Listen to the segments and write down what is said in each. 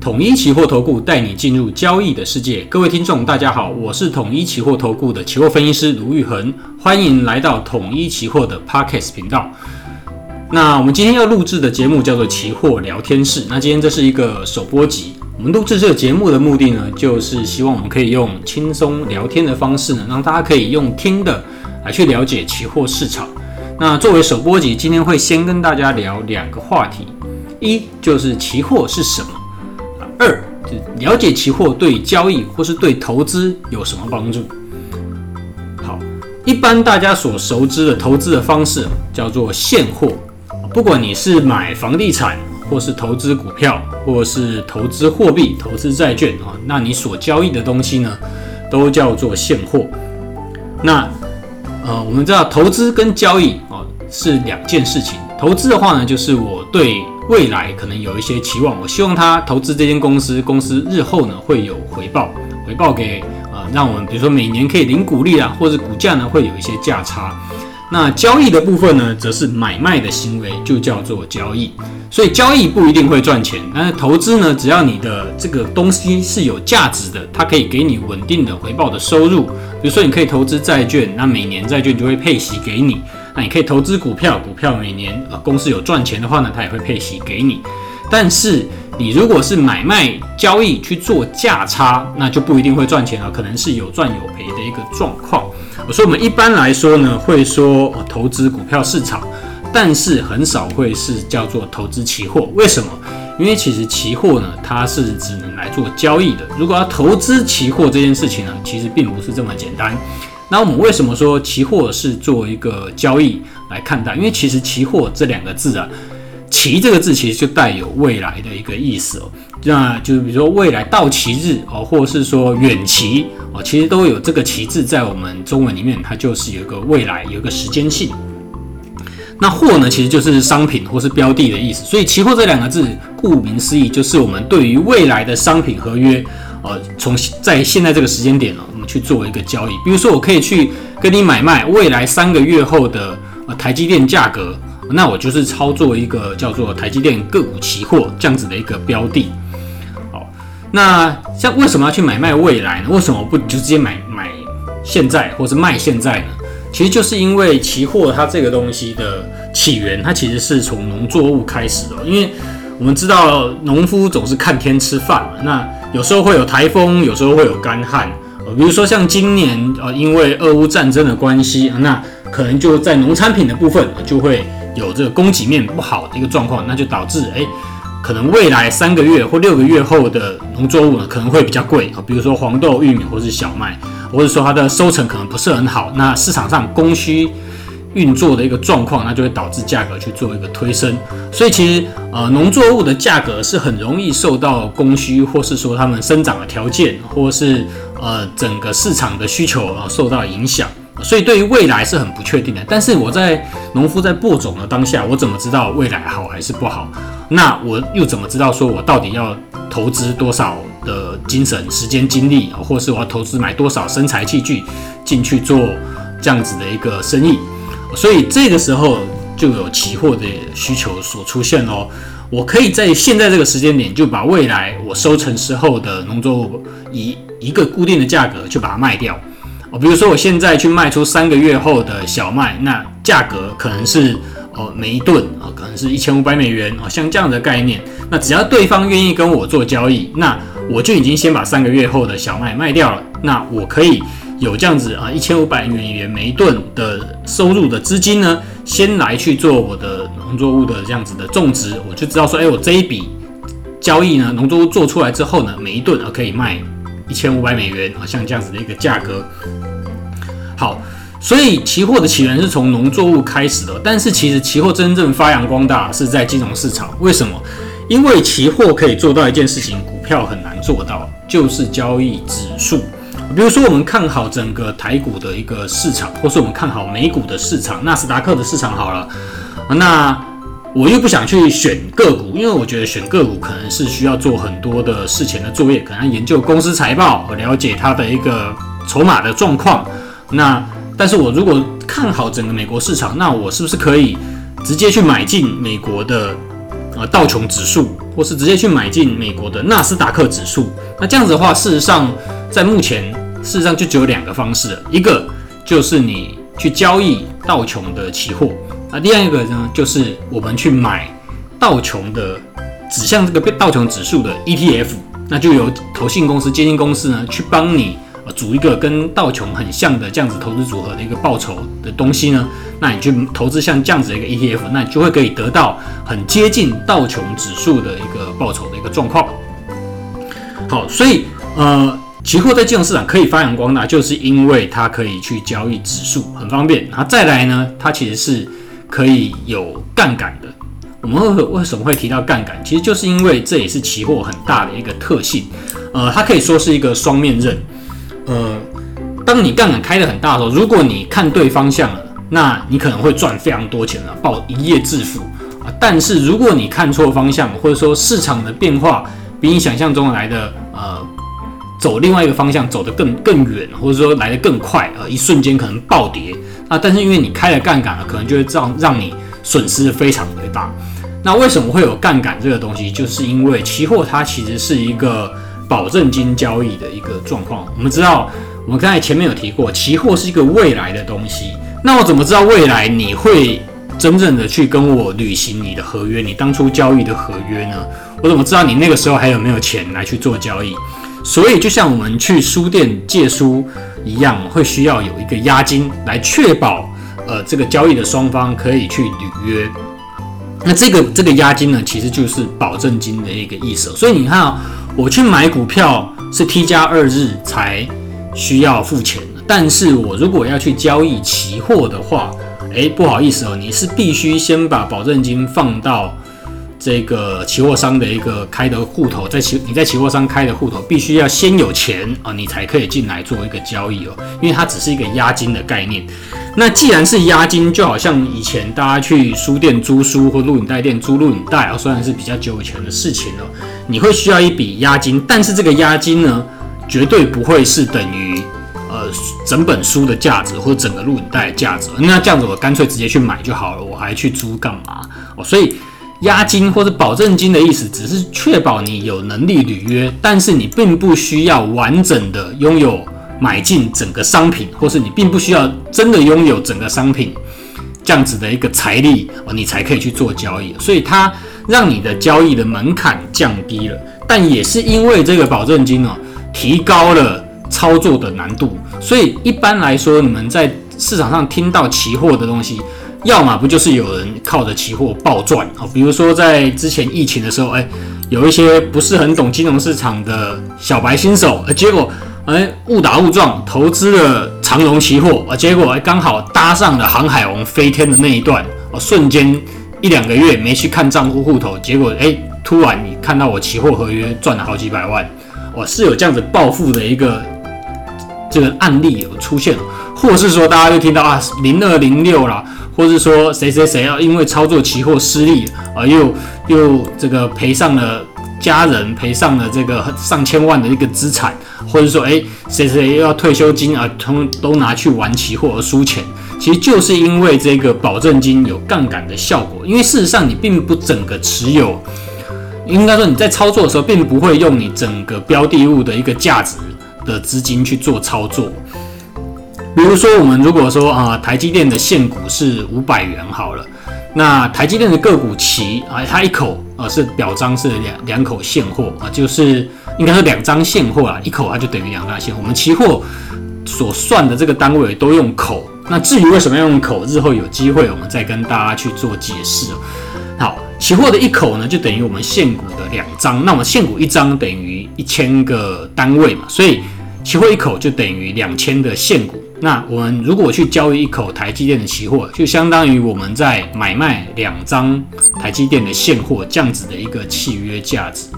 統一期貨投顧帶你進入交易的世界。各位聽眾，大家好，我是統一期貨投顧的期貨分析師盧昱衡，歡迎來到統一期貨的 Podcast 頻道。那我們今天要錄製的節目叫做《期貨聊天室》。那今天這是一個首播集。我們錄製這個節目的目的呢，就是希望我們可以用輕鬆聊天的方式呢，讓大家可以用聽的來去了解期貨市場。那作為首播集，今天會先跟大家聊兩個話題，一就是期貨是什麼？二就了解期貨對交易或是對投資有什麼幫助？好，一般大家所熟知的投資的方式叫做現貨。不管你是買房地產，或是投資股票，或是投資貨幣、投資債券啊，那你所交易的東西呢，都叫做現貨。那呃，我們知道投資跟交易啊，哦，是兩件事情。投資的話呢，就是我對。未來可能有一些期望，我希望他投資這間公司，公司日後呢會有回報，回報給呃讓我們，比如說每年可以領股利啊，或者股價呢會有一些價差。那交易的部分呢，則是買賣的行為，就叫做交易。所以交易不一定會賺錢，但是投資呢，只要你的這個東西是有價值的，它可以給你穩定的回報的收入。比如說你可以投資債券，那每年債券就會配息給你。那你可以投資股票。股票每年啊公司有賺錢的話呢，它也會配息給你。但是你如果是買賣交易去做價差，那就不一定會賺錢了，可能是有賺有賠的一個狀況。所以我們一般來說呢，會說，啊，投資股票市場，但是很少會是叫做投資期貨。為什麼？因為其實期貨呢，它是只能來做交易的。如果要投資期貨這件事情呢，其實並不是這麼簡單。那我們為什麼說期貨是做一個交易來看待？因為其實“期貨”這兩個字啊，“期”這個字其實就帶有未來的一個意思哦。那就是比如說未來到期日哦，或者是說遠期哦，其實都有這個“期”字在我們中文裡面，它就是有一個未來，有一個時間性。那“貨”呢，其實就是商品或是標的的意思。所以“期貨”這兩個字，顧名思義，就是我們對於未來的商品合約。呃，從在現在這個時間點呢，我們去做一個交易。比如說，我可以去跟你買賣未來三個月後的呃台積電價格，那我就是操作一個叫做台積電個股期貨這樣子的一個標的。好，那像為什麼要去買賣未來呢？為什麼不就直接買買現在，或是賣現在呢？其實就是因為期貨它這個東西的起源，它其實是從農作物開始的。因為我們知道農夫總是看天吃飯嘛，那。有時候會有颱風，有時候會有乾旱，呃，比如說像今年，呃，因為俄烏戰爭的關係，那可能就在農產品的部分，就會有這個供給面不好的一個狀況，那就導致，哎、欸，可能未來三個月或六個月後的農作物呢，可能會比較貴，比如說黃豆、玉米或者是小麥，或者說它的收成可能不是很好，那市場上供需。運作的一個狀況，那就會導致價格去做一個推升，所以其實呃，農作物的價格是很容易受到供需，或是說它們生長的條件，或是呃整個市場的需求啊、呃、受到影響，所以對於未來是很不確定的。但是我在農夫在播種的當下，我怎麼知道未來好還是不好？那我又怎麼知道說我到底要投資多少的精神、時間、精力，或是我要投資買多少生財器具進去做這樣子的一個生意？所以這個時候就有期貨的需求所出現哦，我可以在現在這個時間點就把未來我收成時候的農作物以一個固定的價格去把它賣掉。哦，比如說我現在去賣出三個月後的小麥，那價格可能是哦每一噸啊，可能是一千五百美元啊，像這樣的概念。那只要對方願意跟我做交易，那我就已經先把三個月後的小麥賣掉了。那我可以。有這樣子啊，一千五百美元每一噸的收入的資金呢，先來去做我的農作物的這樣子的種植，我就知道說，哎、欸，我這一筆交易呢，農作物做出來之後呢，每一噸啊可以賣一千五百美元啊，像這樣子的一個價格。好，所以期貨的起源是從農作物開始的，但是其實期貨真正發揚光大是在金融市場。為什麼？因為期貨可以做到一件事情，股票很難做到，就是交易指數。比如說，我們看好整個台股的一個市場，或是我們看好美股的市場，納斯達克的市場好了。那我又不想去選個股，因為我覺得選個股可能是需要做很多的事前的作業，可能要研究公司財報和了解它的一個籌碼的狀況。那但是我如果看好整個美國市場，那我是不是可以直接去買進美國的？呃，道瓊指數，或是直接去買進美國的納斯達克指數。那這樣子的話，事實上，在目前事實上就只有兩個方式了，一個就是你去交易道瓊的期貨，那第二個呢，就是我們去買道瓊的指向這個道瓊指數的 ETF，那就由投信公司、基金公司呢去幫你。組一個跟道瓊很像的這樣子投資組合的一個報酬的東西呢，那你去投資像這樣子的一個 ETF，那你就會可以得到很接近道瓊指數的一個報酬的一個狀況。好，所以呃，期貨在金融市場可以發揚光大，就是因為它可以去交易指數，很方便。然後再來呢，它其實是可以有槓桿的。我們為為什麼會提到槓桿？其實就是因為這也是期貨很大的一個特性。呃，它可以說是一個雙面刃。呃，當你槓桿開得很大的時候，如果你看對方向了，那你可能會賺非常多錢啊，爆一夜致富啊。但是如果你看錯方向，或者說市場的變化比你想象中來得呃，走另外一個方向走得更更遠，或者說來得更快，呃，一瞬間可能暴跌啊。但是因為你開了槓桿了，可能就會讓讓你損失非常的大。那為什麼會有槓桿這個東西？就是因為期貨它其實是一個，保證金交易的一個狀況，我們知道，我們剛才前面有提過，期貨是一個未來的東西。那我怎麼知道未來你會真正的去跟我履行你的合約？你當初交易的合約呢？我怎麼知道你那個時候還有沒有錢來去做交易？所以，就像我們去書店借書一樣，會需要有一個押金來確保，呃，這個交易的雙方可以去履約。那這個這個押金呢，其實就是保證金的一個意思，哦。所以你看啊，哦，我去買股票是 T 加二日才需要付錢的。但是我如果要去交易期貨的話，哎，欸，不好意思哦，你是必須先把保證金放到。這個期貨商的一個開的戶頭，在期你在期貨商開的戶頭，必須要先有錢啊、哦，你才可以進來做一個交易哦，因為它只是一個押金的概念。那既然是押金，就好像以前大家去書店租書或錄影帶店租錄影帶啊，雖、哦、然是比較久以前的事情哦，你會需要一筆押金，但是這個押金呢，絕對不會是等於呃整本書的價值或整個錄影帶的價值。那這樣子我乾脆直接去買就好了，我還去租幹嘛？哦，所以。押金或者保證金的意思，只是確保你有能力履約，但是你並不需要完整的擁有買進整個商品，或是你並不需要真的擁有整個商品這樣子的一個財力，你才可以去做交易。所以它讓你的交易的門檻降低了，但也是因為這個保證金哦，提高了操作的難度。所以一般來說，你們在市場上聽到期貨的東西。要麼不就是有人靠着期貨暴賺哦，比如說在之前疫情的時候，哎、欸，有一些不是很懂金融市場的小白新手，結果哎誤打誤撞投資了長榮期貨，結果、欸啊欸、剛好搭上了航海王飛天的那一段，哦、啊，瞬間一兩個月沒去看賬戶戶頭，結果哎、欸、突然你看到我期貨合約賺了好幾百萬，哦，是有這樣子暴富的一個這個案例有出現了，或是說大家就聽到啊零二零六啦。或者說誰誰誰要因為操作期貨失利，而又又這個賠上了家人，賠上了這個上千萬的一個資產，或者說誒，誰誰要退休金而通都拿去玩期貨而輸錢，其實就是因為這個保證金有槓桿的效果，因為事實上你並不整個持有，應該說你在操作的時候，並不會用你整個標的物的一個價值的資金去做操作。比如說，我們如果說啊、呃，台積電的現股是五百元好了，那台積電的個股期，啊，它一口啊是表彰是兩兩口現貨啊，就是應該是兩張現貨啊，一口它就等於兩張現貨。我們期貨所算的這個單位都用口，那至於為什麼要用口，日後有機會我們再跟大家去做解釋。好，期貨的一口呢，就等於我們現股的兩張。那我們現股一張等於一千個單位嘛，所以期貨一口就等於兩千的現股。那我們如果去交易一口台積電的期貨，就相當於我們在買賣兩張台積電的現貨，這樣子的一個契約價值。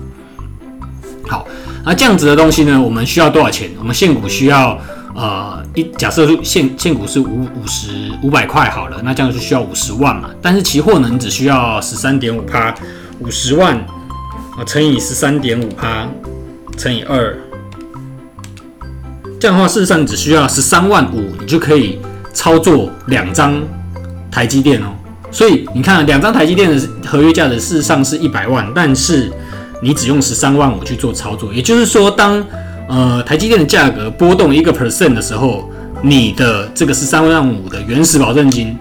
好，那這樣子的東西呢，我們需要多少錢？我們現股需要呃一假設現現股是五五十五百塊好了，那這樣就需要五十萬嘛。但是期貨呢，你只需要十三點五趴，五十萬乘以十三點五趴乘以二。這樣的話，事實上你只需要十三萬五，你就可以操作兩張台積電哦。所以你看啊，兩張台積電的合約價值事實上是一百萬，但是你只用十三萬五去做操作。也就是說，當呃台積電的價格波動一個 percent 的時候，你的這個十三萬五的原始保證金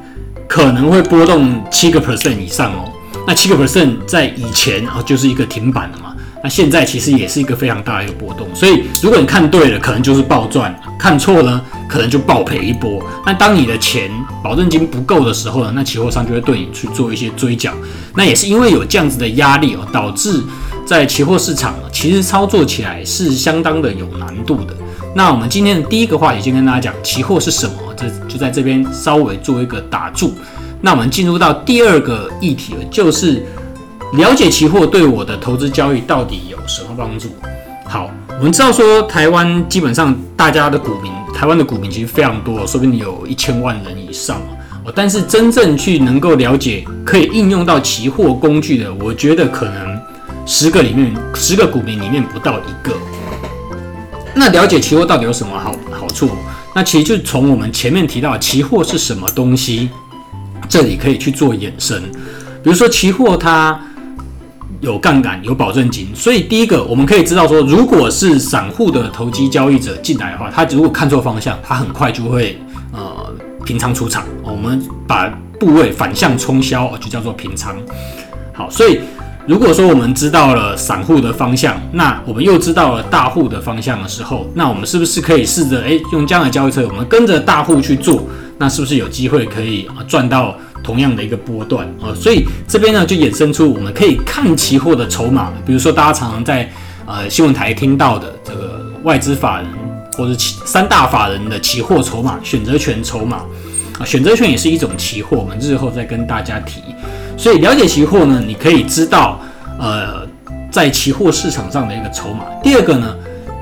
可能會波動七個 percent 以上哦。那七個 percent 在以前啊就是一個停板了嘛。那現在其實也是一個非常大的一個波動，所以如果你看對了，可能就是爆賺；看錯了，可能就爆賠一波。那當你的錢保證金不夠的時候呢，那期貨商就會對你去做一些追繳。那也是因為有這樣子的壓力哦，導致在期貨市場其實操作起來是相當的有難度的。那我們今天的第一個話題先跟大家講期貨是什麼，這就在這邊稍微做一個打住。那我們進入到第二個議題了，就是。了解期貨對我的投資交易到底有什麽幫助？好，我們知道說台灣基本上大家的股民，台灣的股民其實非常多，說不定有一千萬人以上哦，但是真正去能夠了解可以應用到期貨工具的，我覺得可能十個裡面十個股民裡面不到一個。那了解期貨到底有什麼好好處？那其實就從我們前面提到期貨是什麼東西，這裡可以去做衍生，比如說期貨它。有槓桿，有保證金，所以第一個我們可以知道說，如果是散戶的投機交易者進來的話，他如果看錯方向，他很快就會呃平倉出場。我們把部位反向沖銷，就叫做平倉。好，所以如果說我們知道了散戶的方向，那我們又知道了大戶的方向的時候，那我們是不是可以試着誒用這樣的交易策略，我們跟着大戶去做，那是不是有機會可以賺到？同樣的一個波段啊、呃，所以這邊呢就衍生出我們可以看期貨的籌碼，比如說大家常常在呃新聞台聽到的這個外資法人或者三大法人的期貨籌碼、選擇權籌碼啊，選擇權也是一種期貨，我們日後再跟大家提。所以了解期貨呢，你可以知道呃在期貨市場上的一個籌碼。第二個呢，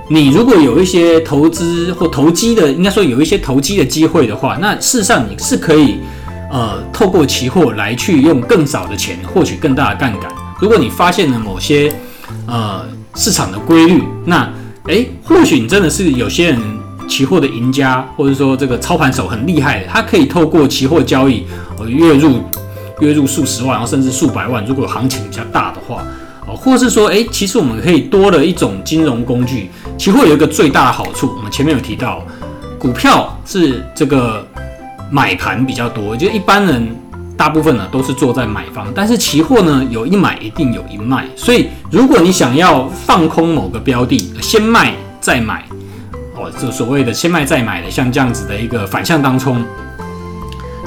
你如果有一些投資或投機的，應該說有一些投機的機會的話，那事實上你是可以。呃，透過期貨來去用更少的錢獲取更大的槓桿。如果你發現了某些呃市場的規律，那誒，或許你真的是有些人期貨的贏家，或者說這個操盤手很厲害的，他可以透過期貨交易，呃、哦，月入月入數十萬，然後甚至數百萬，如果行情比較大的話，哦，或是說誒，其實我們可以多了一種金融工具，期貨有一個最大的好處，我們前面有提到，股票是這個。買盤比較多，就一般人大部分呢都是坐在買方，但是期貨呢有一買一定有一賣，所以如果你想要放空某個標的，先賣再買，哦，就所謂的先賣再買的，像這樣子的一個反向當沖。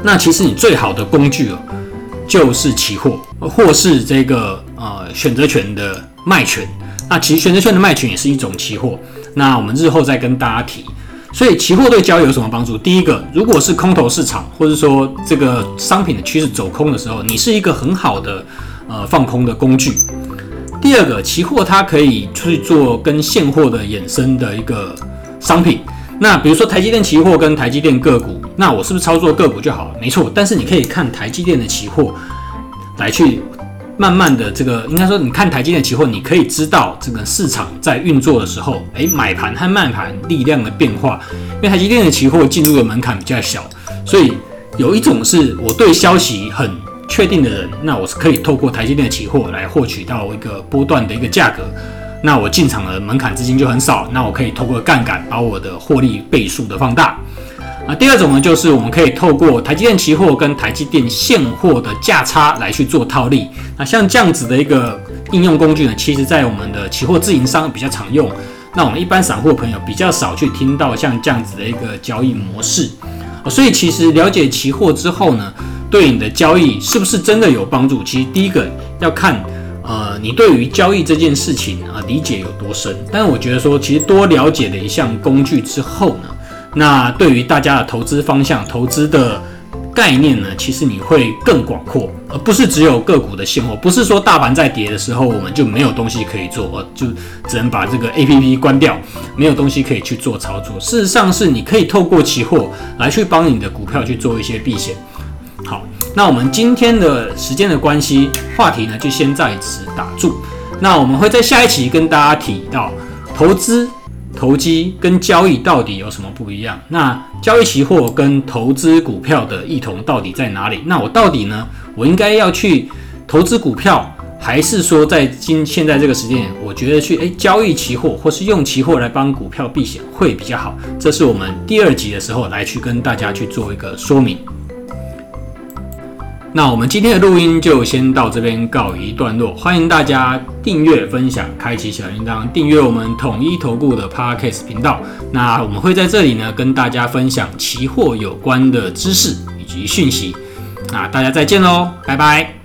那其實你最好的工具哦、啊、就是期貨，或是這個呃選擇權的賣權，那其實選擇權的賣權也是一種期貨，那我們日後再跟大家提。所以期貨對交易有什麼幫助？第一個，如果是空頭市場，或者說這個商品的趨勢走空的時候，你是一個很好的呃放空的工具。第二個，期貨它可以去做跟現貨的衍生的一個商品。那比如說台積電期貨跟台積電個股，那我是不是操作個股就好了？沒錯，但是你可以看台積電的期貨來去。慢慢的，這個應該說，你看台積電的期貨，你可以知道這個市場在運作的時候，誒，買盤和賣盤力量的變化。因為台積電的期貨進入的門檻比較小，所以有一種是我對消息很確定的人，那我是可以透過台積電的期貨來獲取到一個波段的一個價格，那我進場的門檻資金就很少，那我可以透過槓桿把我的獲利倍數的放大。啊，第二種呢，就是我們可以透過台積電期貨跟台積電現貨的價差來去做套利。啊，像這樣子的一個應用工具呢，其實在我們的期貨自營商比較常用。那我們一般散戶朋友比較少去聽到像這樣子的一個交易模式。所以其實了解期貨之後呢，對你的交易是不是真的有幫助？其實第一個要看，呃，你對於交易這件事情啊理解有多深。但是我覺得說，其實多了解了一項工具之後呢。那對於大家的投資方向、投資的概念呢，其實你會更廣闊，而不是只有個股的現貨。不是說大盤在跌的時候，我們就沒有東西可以做，而就只能把這個 APP 關掉，沒有東西可以去做操作。事實上是，你可以透過期貨來去幫你的股票去做一些避險。好，那我們今天的時間的關係，話題呢就先在此打住。那我們會在下一期跟大家提到投資。投機跟交易到底有什麼不一樣？那交易期貨跟投資股票的異同到底在哪裡？那我到底呢？我應該要去投資股票，還是說在今現在這個時間點，我覺得去誒交易期貨，或是用期貨來幫股票避險會比較好？這是我們第二集的時候來去跟大家去做一個說明。那我們今天的錄音就先到這邊告一段落，歡迎大家訂閱、分享、開啟小鈴鐺，訂閱我們統一投顧的 Podcast 頻道。那我們會在這裡呢，跟大家分享期貨有關的知識以及訊息。那大家再見嘍，拜拜。